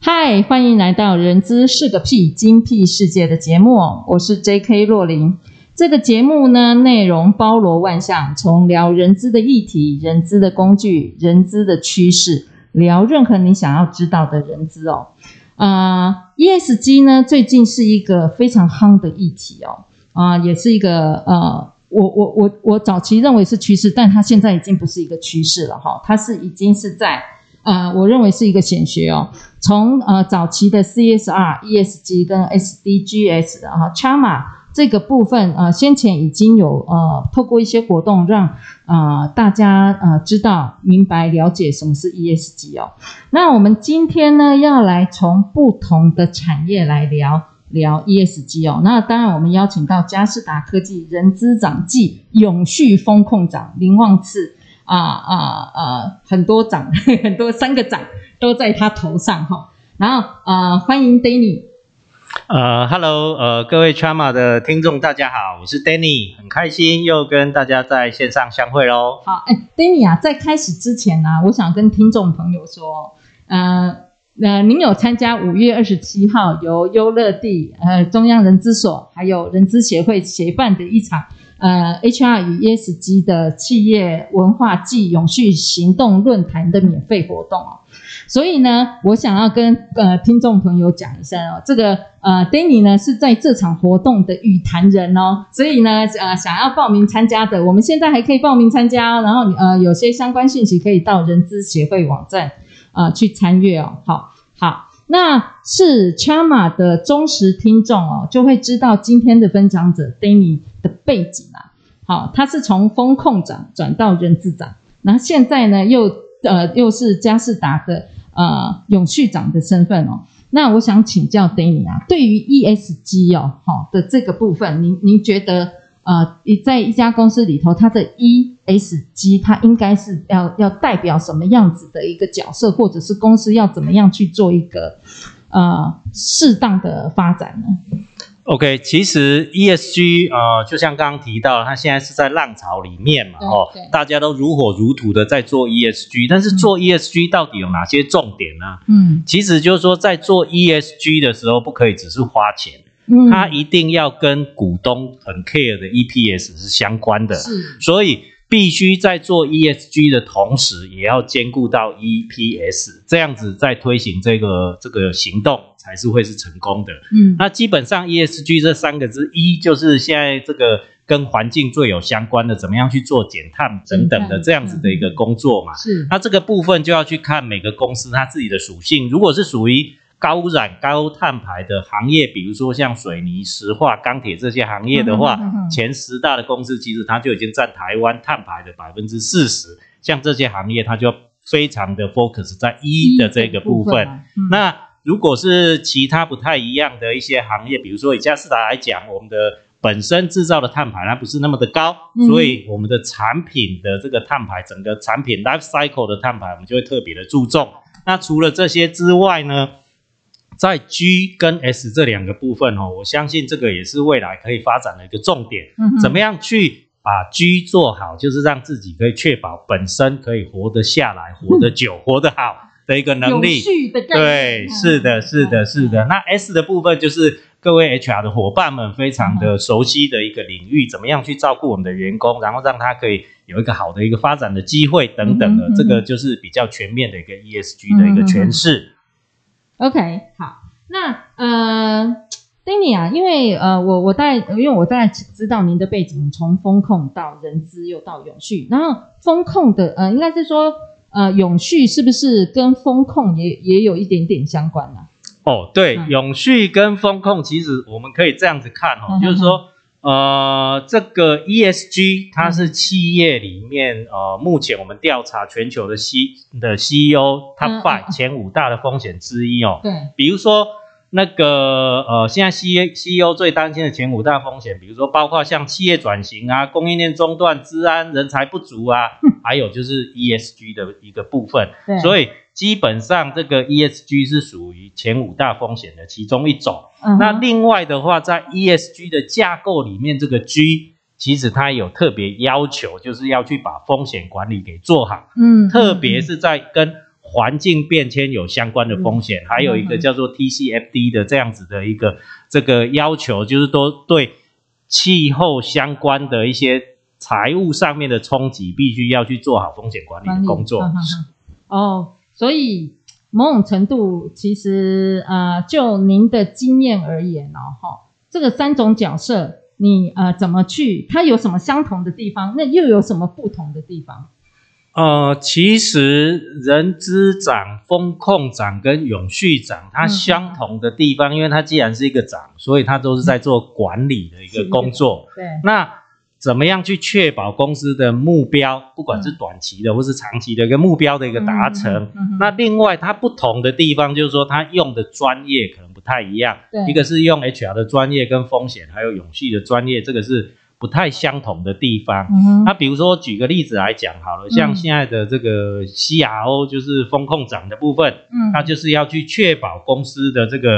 嗨，Hi, 歡迎來到《人資是個闢》精闢世界的節目，我是 J.K. 若羚。這個節目呢，內容包羅萬象，從聊人資的議題、人資的工具、人資的趨勢，聊任何你想要知道的人資哦。啊、呃，ESG 呢，最近是一個非常夯的議題哦，啊、呃，也是一個呃，我我我我早期認為是趨勢，但它現在已經不是一個趨勢了哈，哦，它是已經是在。呃，我認為是一個顯學哦。從呃早期的 CSR ES、啊、ESG 跟 SDGs，然後 CHRMA 這個部分，呃，先前已經有呃透過一些活動讓啊、呃、大家呃知道、明白、了解什麼是 ESG 哦。那我們今天呢要來從不同的產業來聊聊 ESG 哦。那當然我們邀請到佳世達科技人資長暨永續風控長林旺賜，啊啊啊！很多掌，很多三個掌都在他頭上哈。然後啊、呃，歡迎 Danny。呃哈嘍，Hello, 呃，各位 CHRMA 的聽眾大家好，我是 Danny，很開心又跟大家在線上相會嘍。好，哎，Danny 啊，在開始之前呢、啊，我想跟聽眾朋友說，嗯、呃。那、呃、您有參加五月二十七號由優樂地、呃中央人資所還有人資協會協辦的一場呃 HR 與 ESG 的企業文化暨永續行動論壇的免費活動哦？所以呢，我想要跟呃聽眾朋友講一下哦，這個呃 Danny 呢是在這場活動的與談人哦，所以呢呃想要報名參加的，我們現在還可以報名參加，哦，然後呃有些相關訊息可以到人資協會網站。啊、呃，去參與哦，好、哦、好，那是 CHRMA 的忠實聽眾哦，就會知道今天的分享者 Danny 的背景啦、啊。好、哦，他是從風控長轉到人資長，然後現在呢，又呃又是佳世達的呃永續長的身份哦。那我想請教 Danny 啊，對於 ESG 哦，好、哦，的這個部分，您您覺得呃，在一家公司裡頭，它的一、e, ESG 它應該是要要代表什麼樣子的一個角色，或者是公司要怎麼樣去做一個、嗯、呃適當的發展呢？OK，其實 ESG、呃、就像剛剛提到，它現在是在浪潮裡面嘛，哦，Okay. 大家都如火如荼的在做 ESG，但是做 ESG 到底有哪些重點呢？嗯，其實就是說在做 ESG 的時候，不可以只是花錢，嗯、它一定要跟股東很 care 的 EPS 是相關的，是所以。必須在做 ESG 的同時，也要兼顧到 EPS，這樣子在推行這個這個行動，才是會是成功的。嗯，那基本上 ESG 這三個字，一就是現在這個跟環境最有相關的，怎麼樣去做減碳等等的這樣子的一個工作嘛、嗯嗯嗯嗯。是，那這個部分就要去看每個公司它自己的屬性，如果是屬於。高染高碳排的行業，比如說像水泥、石化、鋼鐵這些行業的話，前十大的公司其實它就已經占台灣碳排的百分之四十。像這些行業，它就非常的 focus 在一的這個部分。那如果是其他不太一樣的一些行業，比如說以佳世達來講，我們的本身制造的碳排它不是那麼的高，所以我們的產品的這個碳排，整個產品 life cycle 的碳排，我們就會特別的注重。那除了這些之外呢？在 G 跟 S 這兩個部分哦，我相信這個也是未來可以發展的一個重點。嗯哼，怎麼樣去把 G 做好，就是讓自己可以確保本身可以活得下來、嗯、活得久、活得好的一個能力。續的對，嗯、是的、是的、是的，是的、嗯，是的。那 S 的部分就是各位 HR 的夥伴們非常的熟悉的一個領域，怎麼樣去照顧我們的員工，然後讓他可以有一個好的一個發展的機會等等的，嗯、哼哼，這個就是比較全面的一個 ESG 的一個詮釋。嗯 OK，好，那呃，丹尼啊，因為呃，我我大概因為我大概知道您的背景，從風控到人資又到永續，然後風控的呃，應該是說呃，永續是不是跟風控也也有一點點相關啦、啊？哦，對，嗯、永續跟風控其實我們可以這樣子看哦，呵呵就是說。呃，這個 ESG 它是企業裡面呃，目前我們調查全球的 C 的 CEO Top 5、嗯嗯、前五大的風險之一哦。對比如說。那個呃，現在 C E O 最擔心的前五大風險，比如說包括像企業轉型啊、供應鏈中斷、資安、人才不足啊，還有就是 E S G 的一個部分。對所以基本上這個 E S G 是屬於前五大風險的其中一種。Uh huh。那另外的話，在 E S G 的架構裡面，這個 G 其實它有特別要求，就是要去把風險管理給做好。嗯。特別是在跟。環境變遷有相關的風險，嗯嗯嗯、還有一個叫做 TCFD 的這樣子的一個這個要求，就是說對氣候相關的一些財務上面的衝擊，必須要去做好風險管理的工作。哦，所以某種程度其實啊、呃，就您的經驗而言呢、哦，哈、哦，這個三種角色，你啊、呃、怎麼去？它有什麼相同的地方？那又有什麼不同的地方？呃，其實人資長、風控長跟永續長，它相同的地方，嗯啊、因為它既然是一個長，所以它都是在做管理的一個工作。嗯、對，那怎麼樣去確保公司的目標，不管是短期的或是長期的一個目標的一個達成？嗯嗯嗯、那另外它不同的地方，就是說它用的專業可能不太一樣。對，一個是用 HR 的專業跟風險，還有永續的專業，這個是。不太相同的地方。嗯、哼那比如說，舉個例子來講好了，像現在的這個 CRO，就是風控長的部分，嗯哼，那就是要去確保公司的這個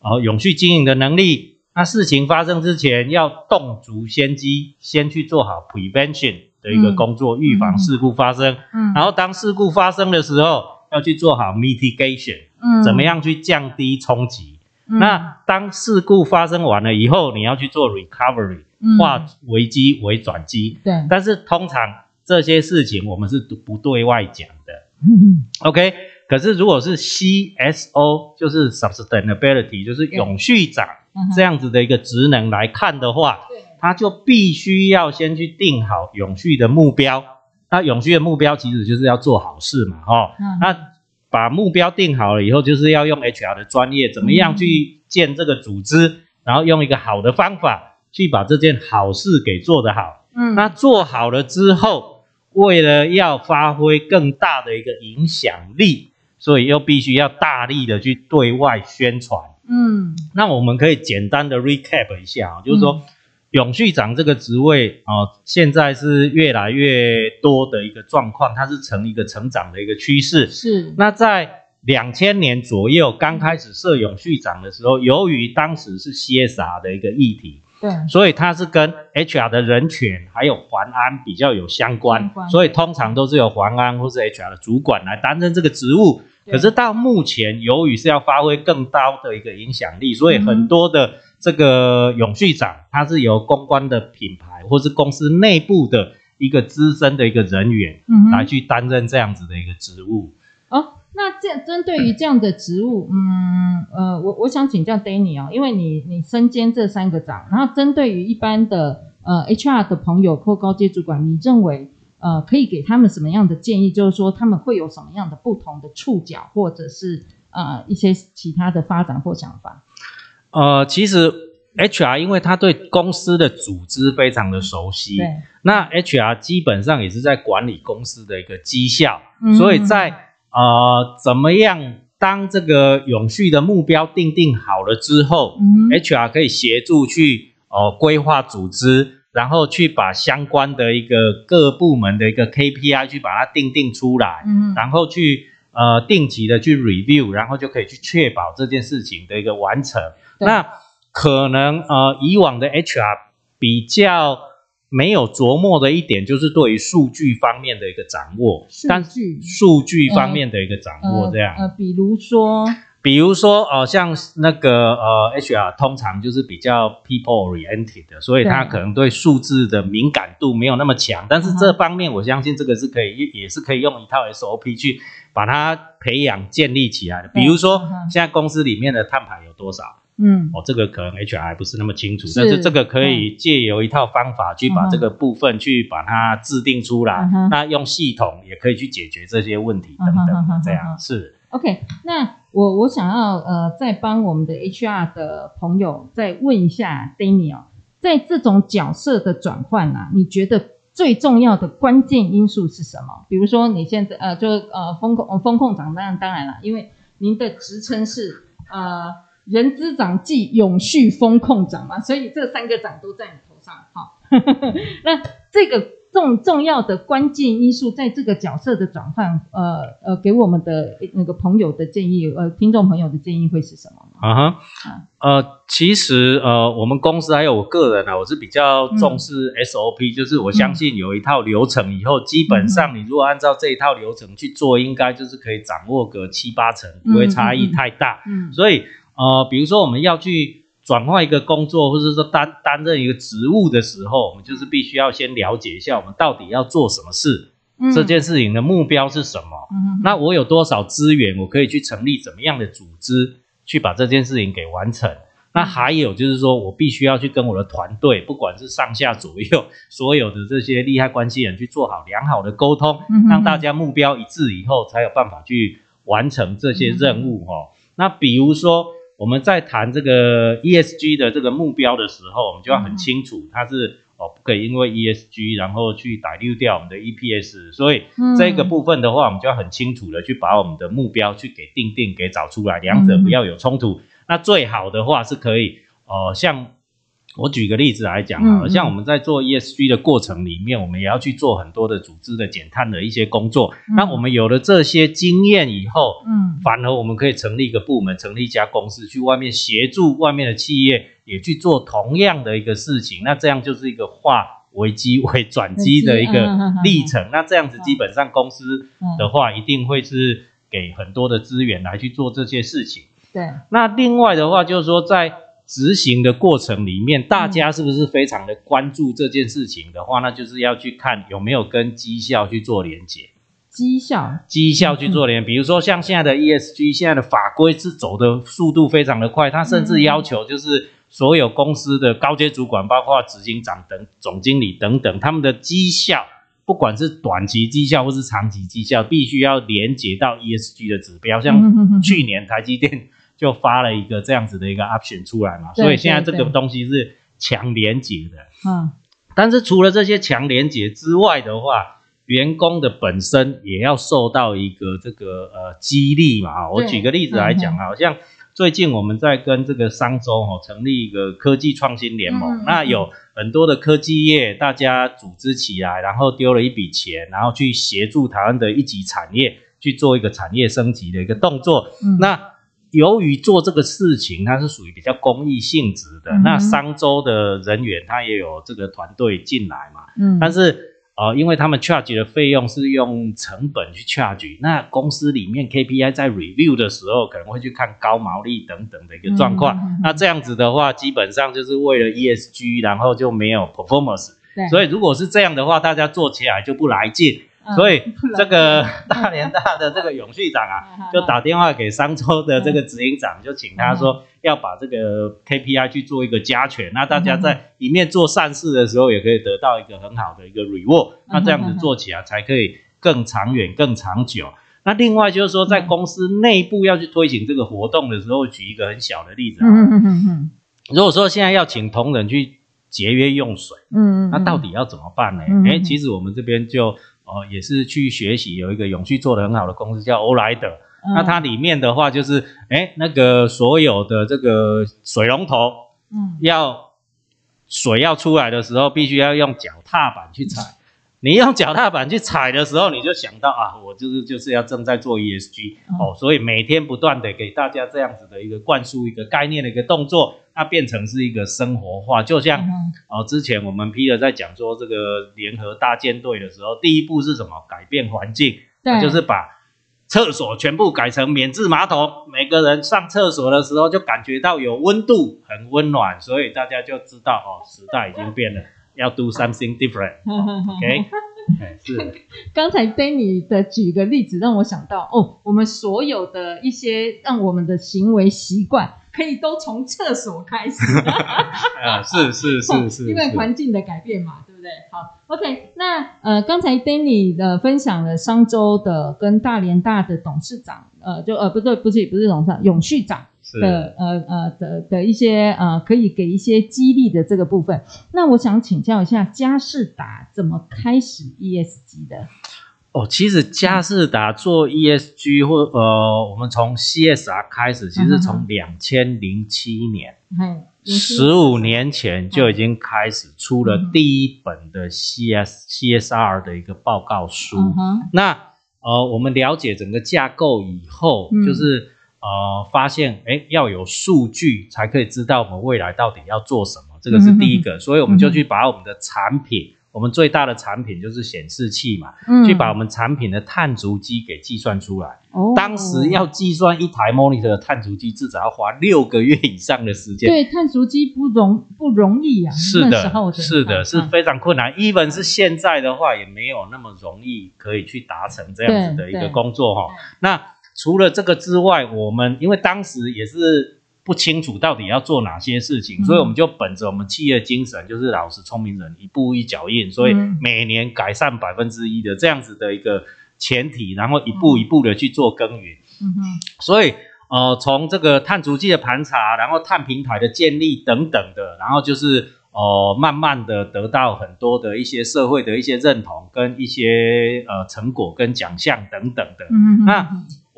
呃、哦、永續經營的能力。那事情發生之前，要動足先機，先去做好 prevention 的一個工作，預防事故發生，嗯、哼。嗯哼，然後當事故發生的時候，要去做好 mitigation，嗯哼，怎麼樣去降低衝擊？嗯、那當事故發生完了以後，你要去做 recovery，嗯、化危機為轉機。對但是通常這些事情我們是不對外講的。嗯、OK，可是如果是 CSO，就是 sustainability，就是永續長這樣子的一個職能來看的話，嗯、他就必須要先去定好永續的目標。那永續的目標其實就是要做好事嘛，齁，嗯、那。把目標定好了以後，就是要用 HR 的專業，怎麼樣去建這個組織，嗯、然後用一個好的方法去把這件好事給做得好。嗯，那做好了之後，為了要發揮更大的一個影響力，所以又必須要大力的去對外宣傳。嗯，那我們可以簡單的 recap 一下啊，就是說，嗯永續長這個職位啊、哦，現在是越來越多的一個狀況，它是成一個成長的一個趨勢。是，那在兩千年左右剛開始設永續長的時候，由於當時是 CSR 的一個議題，對，所以它是跟 HR 的人權還有環安比較有相關，相關，所以通常都是由環安或是 HR 的主管來擔任這個職務。對可是到目前，由於是要發揮更高的一個影響力，所以很多的、嗯。這個永續長，他是由公關的品牌，或是公司內部的一個資深的一個人員來去擔任這樣子的一個職務。嗯、哦，那這針對於這樣的職務，是嗯呃，我我想請教 Danny 啊、哦，因為你你身兼這三個長，然後針對於一般的呃 HR 的朋友或高階主管，你認為呃可以給他們什麼樣的建議？就是說他們會有什麼樣的不同的觸角，或者是呃一些其他的發展或想法？呃，其實 HR 因為他對公司的組織非常的熟悉，對那 HR 基本上也是在管理公司的一個績效，嗯、所以在呃怎麼樣當這個永續的目標訂定好了之後、嗯、HR 可以協助去呃規劃組織，然後去把相關的一個各部門的一個 KPI 去把它訂定出來，嗯、然後去。呃，定期的去 review，然後就可以去確保這件事情的一個完成。對那可能呃，以往的 HR 比較沒有琢磨的一點，就是對於數據方面的一個掌握。數據但是數據方面的一個掌握，這樣、呃呃呃。比如說。比如說，呃像那個呃，HR 通常就是比較 people oriented 的，所以他可能對數字的敏感度沒有那麼強。但是這方面，我相信這個是可以，也是可以用一套 SOP 去把它培養建立起來的。比如說，現在公司裡面的碳排有多少？嗯，哦，這個可能 HR 還不是那麼清楚，是，但是這個可以借由一套方法去把這個部分去把它制定出來。那用系統也可以去解決這些問題等等，這樣是。OK，那我我想要呃，再幫我們的 HR 的朋友再問一下 Danny 在這種角色的轉換啊，你覺得最重要的關鍵因素是什麼？比如說你現在呃，就呃風控風控長，當然當然了，因為您的職稱是呃人資長暨永續風控長嘛，所以這三個長都在你頭上哈。哦、 那這個。重重要的關鍵因素，在這個角色的轉換，呃呃，給我們的那、呃、個朋友的建議，呃，聽眾朋友的建議會是什麼？啊哈、uh，huh. uh. 呃，其實呃，我們公司還有我個人啊，我是比較重視 SOP、嗯、就是我相信有一套流程，以後、嗯、基本上你如果按照這一套流程去做，應該就是可以掌握個七八成，不會差異太大。嗯，嗯，嗯，所以呃，比如說我們要去。轉換一個工作，或者說擔擔任一個職務的時候，我們就是必須要先了解一下我們到底要做什麼事，嗯、這件事情的目標是什麼？嗯、哼那我有多少資源，我可以去成立怎麼樣的組織去把這件事情給完成？那還有就是說我必須要去跟我的團隊，不管是上下左右所有的這些利害關係人去做好良好的溝通，嗯、哼讓大家目標一致以後，才有辦法去完成這些任務，嗯、哦。那比如說。我們在談這個 ESG 的這個目標的時候，我們就要很清楚，它是、嗯、哦，不可以因為 ESG 然後去 dilute 掉我們的 EPS，所以這個部分的話，嗯、我們就要很清楚的去把我們的目標去給定定給找出來，兩者不要有衝突。嗯、那最好的話是可以哦、呃，像。我舉個例子來講啊，像我們在做 ESG 的過程裡面，我們也要去做很多的組織的減碳的一些工作。那我們有了這些經驗以後，嗯，反而我們可以成立一個部門，成立一家公司去外面協助外面的企業也去做同樣的一個事情。那這樣就是一個化危機為轉機的一個歷程。那這樣子基本上公司的話，一定會是給很多的資源來去做這些事情。對。那另外的話，就是說在。執行的過程裡面，大家是不是非常的關注這件事情的話，嗯、那就是要去看有沒有跟績效去做連結。績效，績效去做連結，嗯、比如說像現在的 ESG，現在的法規是走的速度非常的快，它甚至要求就是所有公司的高階主管，包括執行長等總經理等等，他們的績效，不管是短期績效或是長期績效，必須要連結到 ESG 的指標，像去年台積電、嗯。 就發了一個這樣子的一個 option 出來嘛，所以現在這個東西是強連結的。嗯，但是除了這些強連結之外的話，員工的本身也要受到一個這個呃激勵嘛。我舉個例子來講啊，好像最近我們在跟這個商周成立一個科技創新聯盟，那有很多的科技業大家組織起來，然後丟了一筆錢，然後去協助台灣的一級產業去做一個產業升級的一個動作。那由於做這個事情，它是屬於比較公益性質的。嗯嗯，那商周的人員，他也有這個團隊進來嘛。嗯。但是，呃，因為他們 charge 的費用是用成本去 charge，那公司裡面 KPI 在 review 的時候，可能會去看高毛利等等的一個狀況。嗯嗯嗯，那這樣子的話，對基本上就是為了 ESG，然後就沒有 performance 對。所以，如果是這樣的話，大家做起來就不來勁。所以這個大連大的這個永續長啊，就打電話給商州的這個執行長，就請他說要把這個 KPI 去做一個加權，那大家在裡面做善事的時候，也可以得到一個很好的一個 reward，那這樣子做起來才可以更長遠、更長久。那另外就是說，在公司內部要去推行這個活動的時候，舉一個很小的例子啊，嗯嗯嗯，如果說現在要請同仁去節約用水，嗯，那到底要怎麼辦呢？哎，其實我們這邊就。哦，也是去學習，有一個永續做得很好的公司叫歐萊德。嗯、那它裡面的話就是，哎、欸，那個所有的這個水龍頭，嗯，要水要出來的時候，必須要用腳踏板去踩。嗯你用腳踏板去踩的時候，你就想到啊，我就是就是要正在做 ESG 哦，所以每天不斷的給大家這樣子的一個灌輸一個概念的一個動作，那、啊、變成是一個生活化，就像、嗯、哦之前我們 Peter 在講說這個聯合大艦隊的時候，第一步是什麼？改變環境，對啊、就是把廁所全部改成免治馬桶，每個人上廁所的時候就感覺到有溫度，很溫暖，所以大家就知道哦，時代已經變了。要 do something different，OK，是。剛才 Danny 的舉個例子，讓我想到哦，我們所有的一些讓我們的行為習慣，可以都從廁所開始。是是是是，是是因為環境的改變嘛， 對不對？好，OK，那呃，剛才 Danny 的分享了商周的跟大連大的董事長，呃，就呃，不對，不是不是董事長，永續長。是的呃呃，的的一些呃可以給一些激勵的這個部分，那我想請教一下佳世達怎麼開始 ESG 的？哦，其實佳世達做 ESG 或，呃，我們從 CSR 開始，其實從兩千零七年，十五、嗯、年前就已經開始出了第一本的 CS、嗯、哼 CSR 的一個報告書。嗯、哼那呃，我們了解整個架構以後，嗯、就是。呃，發現哎，要有數據才可以知道我們未來到底要做什麼，這個是第一個，嗯、哼所以我們就去把我們的產品，嗯、哼我們最大的產品就是顯示器嘛，嗯、去把我們產品的碳足跡給計算出來。哦，當時要計算一台 monitor 的碳足跡，至少要花六個月以上的時間。對，碳足跡不容不容易啊，是的，看看是的是非常困難，even 是現在的話，也沒有那麼容易可以去達成這樣子的一個工作哈。那除了這個之外，我們因為當時也是不清楚到底要做哪些事情，嗯、哼所以我們就本着我們企業精神，就是老實聰明人，一步一腳印，所以每年改善百分之一的這樣子的一個前提，然後一步一步的去做耕耘。嗯、哼所以呃，從這個碳足迹的盤查，然後碳平台的建立等等的，然後就是、呃、慢慢的得到很多的一些社會的一些認同跟一些呃成果跟獎項等等的。嗯、哼那。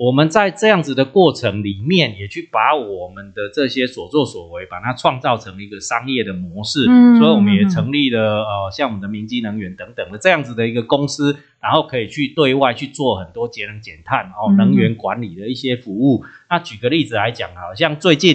我們在這樣子的過程裡面，也去把我們的這些所作所為，把它創造成一個商業的模式。所以我們也成立了呃、哦，像我們的明基能源等等的這樣子的一個公司，然後可以去對外去做很多節能減碳哦，能源管理的一些服務。那舉個例子來講，好像最近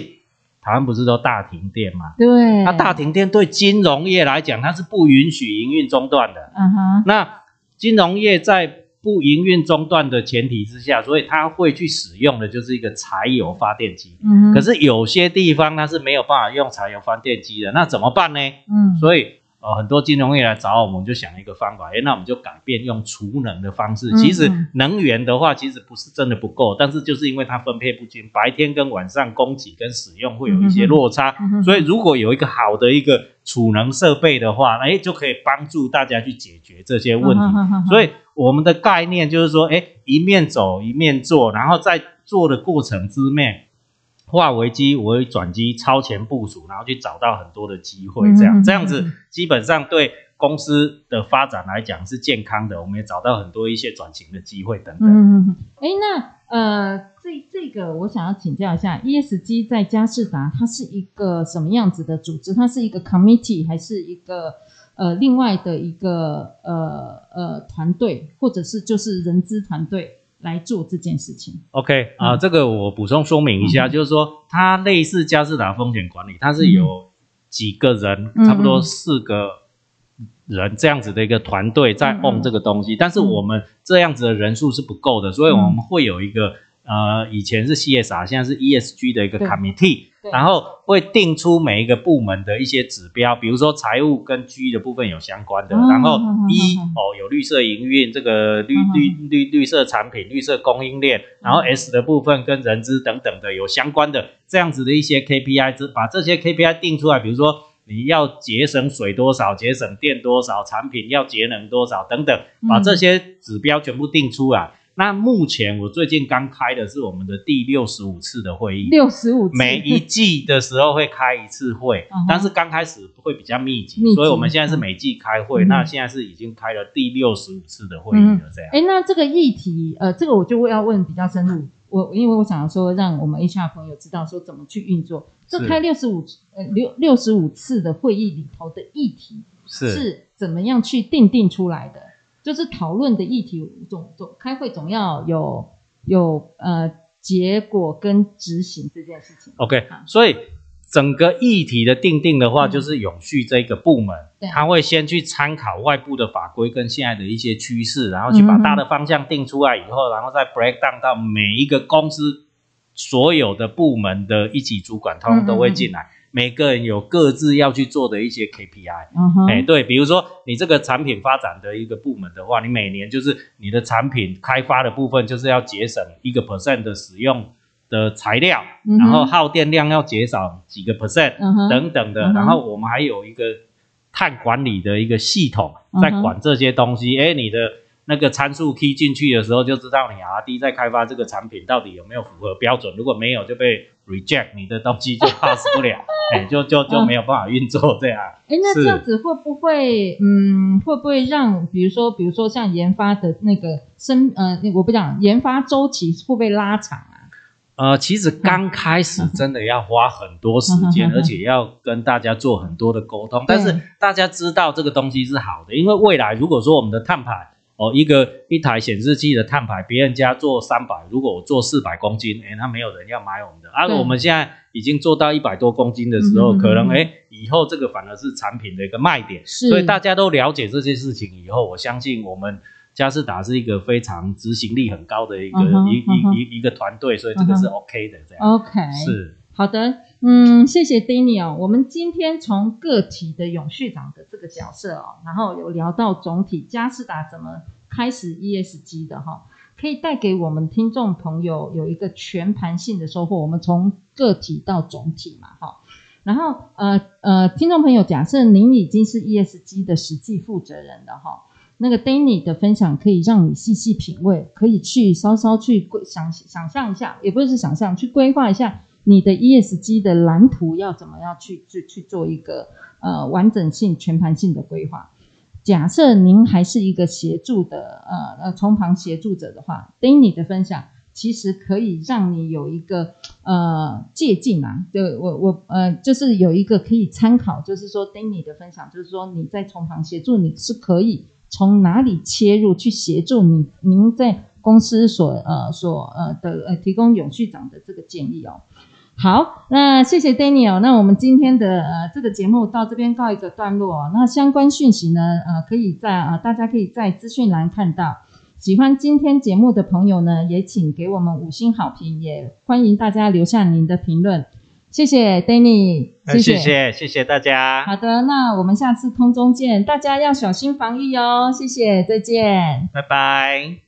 台灣不是都大停電嘛？對。那大停電對金融業來講，它是不允許營運中斷的。嗯哼。那金融業在不營運中斷的前提之下，所以它會去使用的就是一個柴油發電機。嗯、哼可是有些地方它是沒有辦法用柴油發電機的，那怎麼辦呢？嗯、所以呃很多金融業來找我們，就想一個方法、欸，那我們就改變用儲能的方式。嗯、哼其實能源的話，其實不是真的不夠，但是就是因為它分配不均，白天跟晚上供給跟使用會有一些落差。嗯、哼所以如果有一個好的一個儲能設備的話，欸、就可以幫助大家去解決這些問題。嗯、哼所以。我們的概念就是說，誒一面走一面做，然後在做的過程之內，化危機為轉機，超前部署，然後去找到很多的機會，這樣，嗯、哼這樣子基本上對公司的發展來講是健康的。我們也找到很多一些轉型的機會等等。嗯嗯，哎，那呃，這這個我想要請教一下，ESG 在佳世達它是一個什麼樣子的組織？它是一個 committee 還是一個？呃，另外的一個呃呃團隊，或者是就是人資團隊來做這件事情。OK 啊、呃，嗯、這個我補充說明一下，嗯、就是說，它類似佳世達風險管理，它是有幾個人，嗯、差不多四個人這樣子的一個團隊在 on 這個東西，嗯嗯，但是我們這樣子的人數是不夠的，所以我們會有一個呃，以前是 CSR，現在是 ESG 的一個 committee。然後會定出每一個部門的一些指標，比如說財務跟 G 的部分有相關的，嗯、然後 E、嗯、哦，有綠色營運、嗯、這個綠綠綠綠色產品、綠色供應鏈，然後 S 的部分跟人資等等的有相關的，嗯、這樣子的一些 KPI 值，把這些 KPI 定出來，比如說你要節省水多少、節省電多少、產品要節能多少等等，把這些指標全部定出來。嗯嗯那目前我最近剛開的是我們的第六十五次的會議，六十五次，每一季的時候會開一次會，嗯、哼但是剛開始會比較密集，密集所以我們現在是每季開會。嗯、那現在是已經開了第六十五次的會議了，這樣。哎、嗯，那這個議題，呃，這個我就要問比較深入。我因為我想要說，讓我們 HR 朋友知道說怎麼去運作。這開六十五呃六六十五次的會議裡頭的議題是是怎麼樣去定定出來的？就是討論的議題，總總開會總要有有呃結果跟執行這件事情。OK，好所以整個議題的定定的話，就是永續這個部門，嗯、他會先去參考外部的法規跟現在的一些趨勢，啊、然後去把大的方向定出來以後，嗯嗯嗯然後再 break down 到每一個公司所有的部門的一級主管，他們都會進來。嗯嗯嗯每個人有各自要去做的一些 KPI，哎、uh huh.，對，比如說你這個產品發展的一個部門的話，你每年就是你的產品開發的部分，就是要節省一個 percent 的使用的材料，uh huh. 然後耗電量要減少幾個 percent 等等的，uh huh. 然後我們還有一個碳管理的一個系統在管這些東西，哎、uh huh.，你的。那個參數 key 進去的時候，就知道你 R D 在開發這個產品到底有沒有符合標準。如果沒有，就被 reject，你的東西就 pass 不了， 欸、就就就沒有辦法運作這樣。哎、欸，那這樣子會不會，是嗯，會不會讓比如說，比如說像研發的那個生，呃，我不講，研發週期會不會拉長啊？呃，其實剛開始真的要花很多時間， 而且要跟大家做很多的溝通。 但是大家知道這個東西是好的，對因為未來如果說我們的碳排。哦，一個一台顯示器的碳排，別人家做三百，如果我做四百公斤，哎，那沒有人要買我們的。啊，對我們現在已經做到一百多公斤的時候，可能哎，以後這個反而是產品的一個賣點。是，所以大家都了解這些事情以後，我相信我們佳世達是一個非常執行力很高的一個嗯哼嗯哼一一一一,一,一個團隊，所以這個是 OK 的這樣。嗯、哼是 OK。是。好的，嗯，謝謝 Danny，哦。我們今天從個體的永續長的這個角色哦，然後有聊到總體佳世達怎麼開始 ESG 的哈，哦，可以帶給我們聽眾朋友有一個全盤性的收穫。我們從個體到總體嘛，哈，然後呃呃，聽眾朋友，假設您已經是 ESG 的實際負責人了哈，哦，那個 Danny 的分享可以讓你細細品味，可以去稍稍去想想象一下，也不是想象，去規劃一下。你的 ESG 的藍圖要怎麼樣去去去做一個呃完整性、全盤性的規劃？假設您還是一個協助的呃呃從旁協助者的話，Danny 的分享其實可以讓你有一個呃借鏡啊，對，我我呃就是有一個可以參考，就是說 Danny 的分享，就是說你在從旁協助，你是可以從哪裡切入去協助你，您在公司所呃所呃的呃提供永續長的這個建議哦。好，那謝謝 Danny。那我們今天的呃這個節目到這邊告一個段落。那相關訊息呢，呃可以在啊、呃、大家可以在資訊欄看到。喜歡今天節目的朋友呢，也請給我們五星好評，也歡迎大家留下您的評論。謝謝 Danny，謝謝、呃、謝，謝，謝謝大家。好的，那我們下次空中見。大家要小心防疫喲、哦，謝謝，再見，拜拜。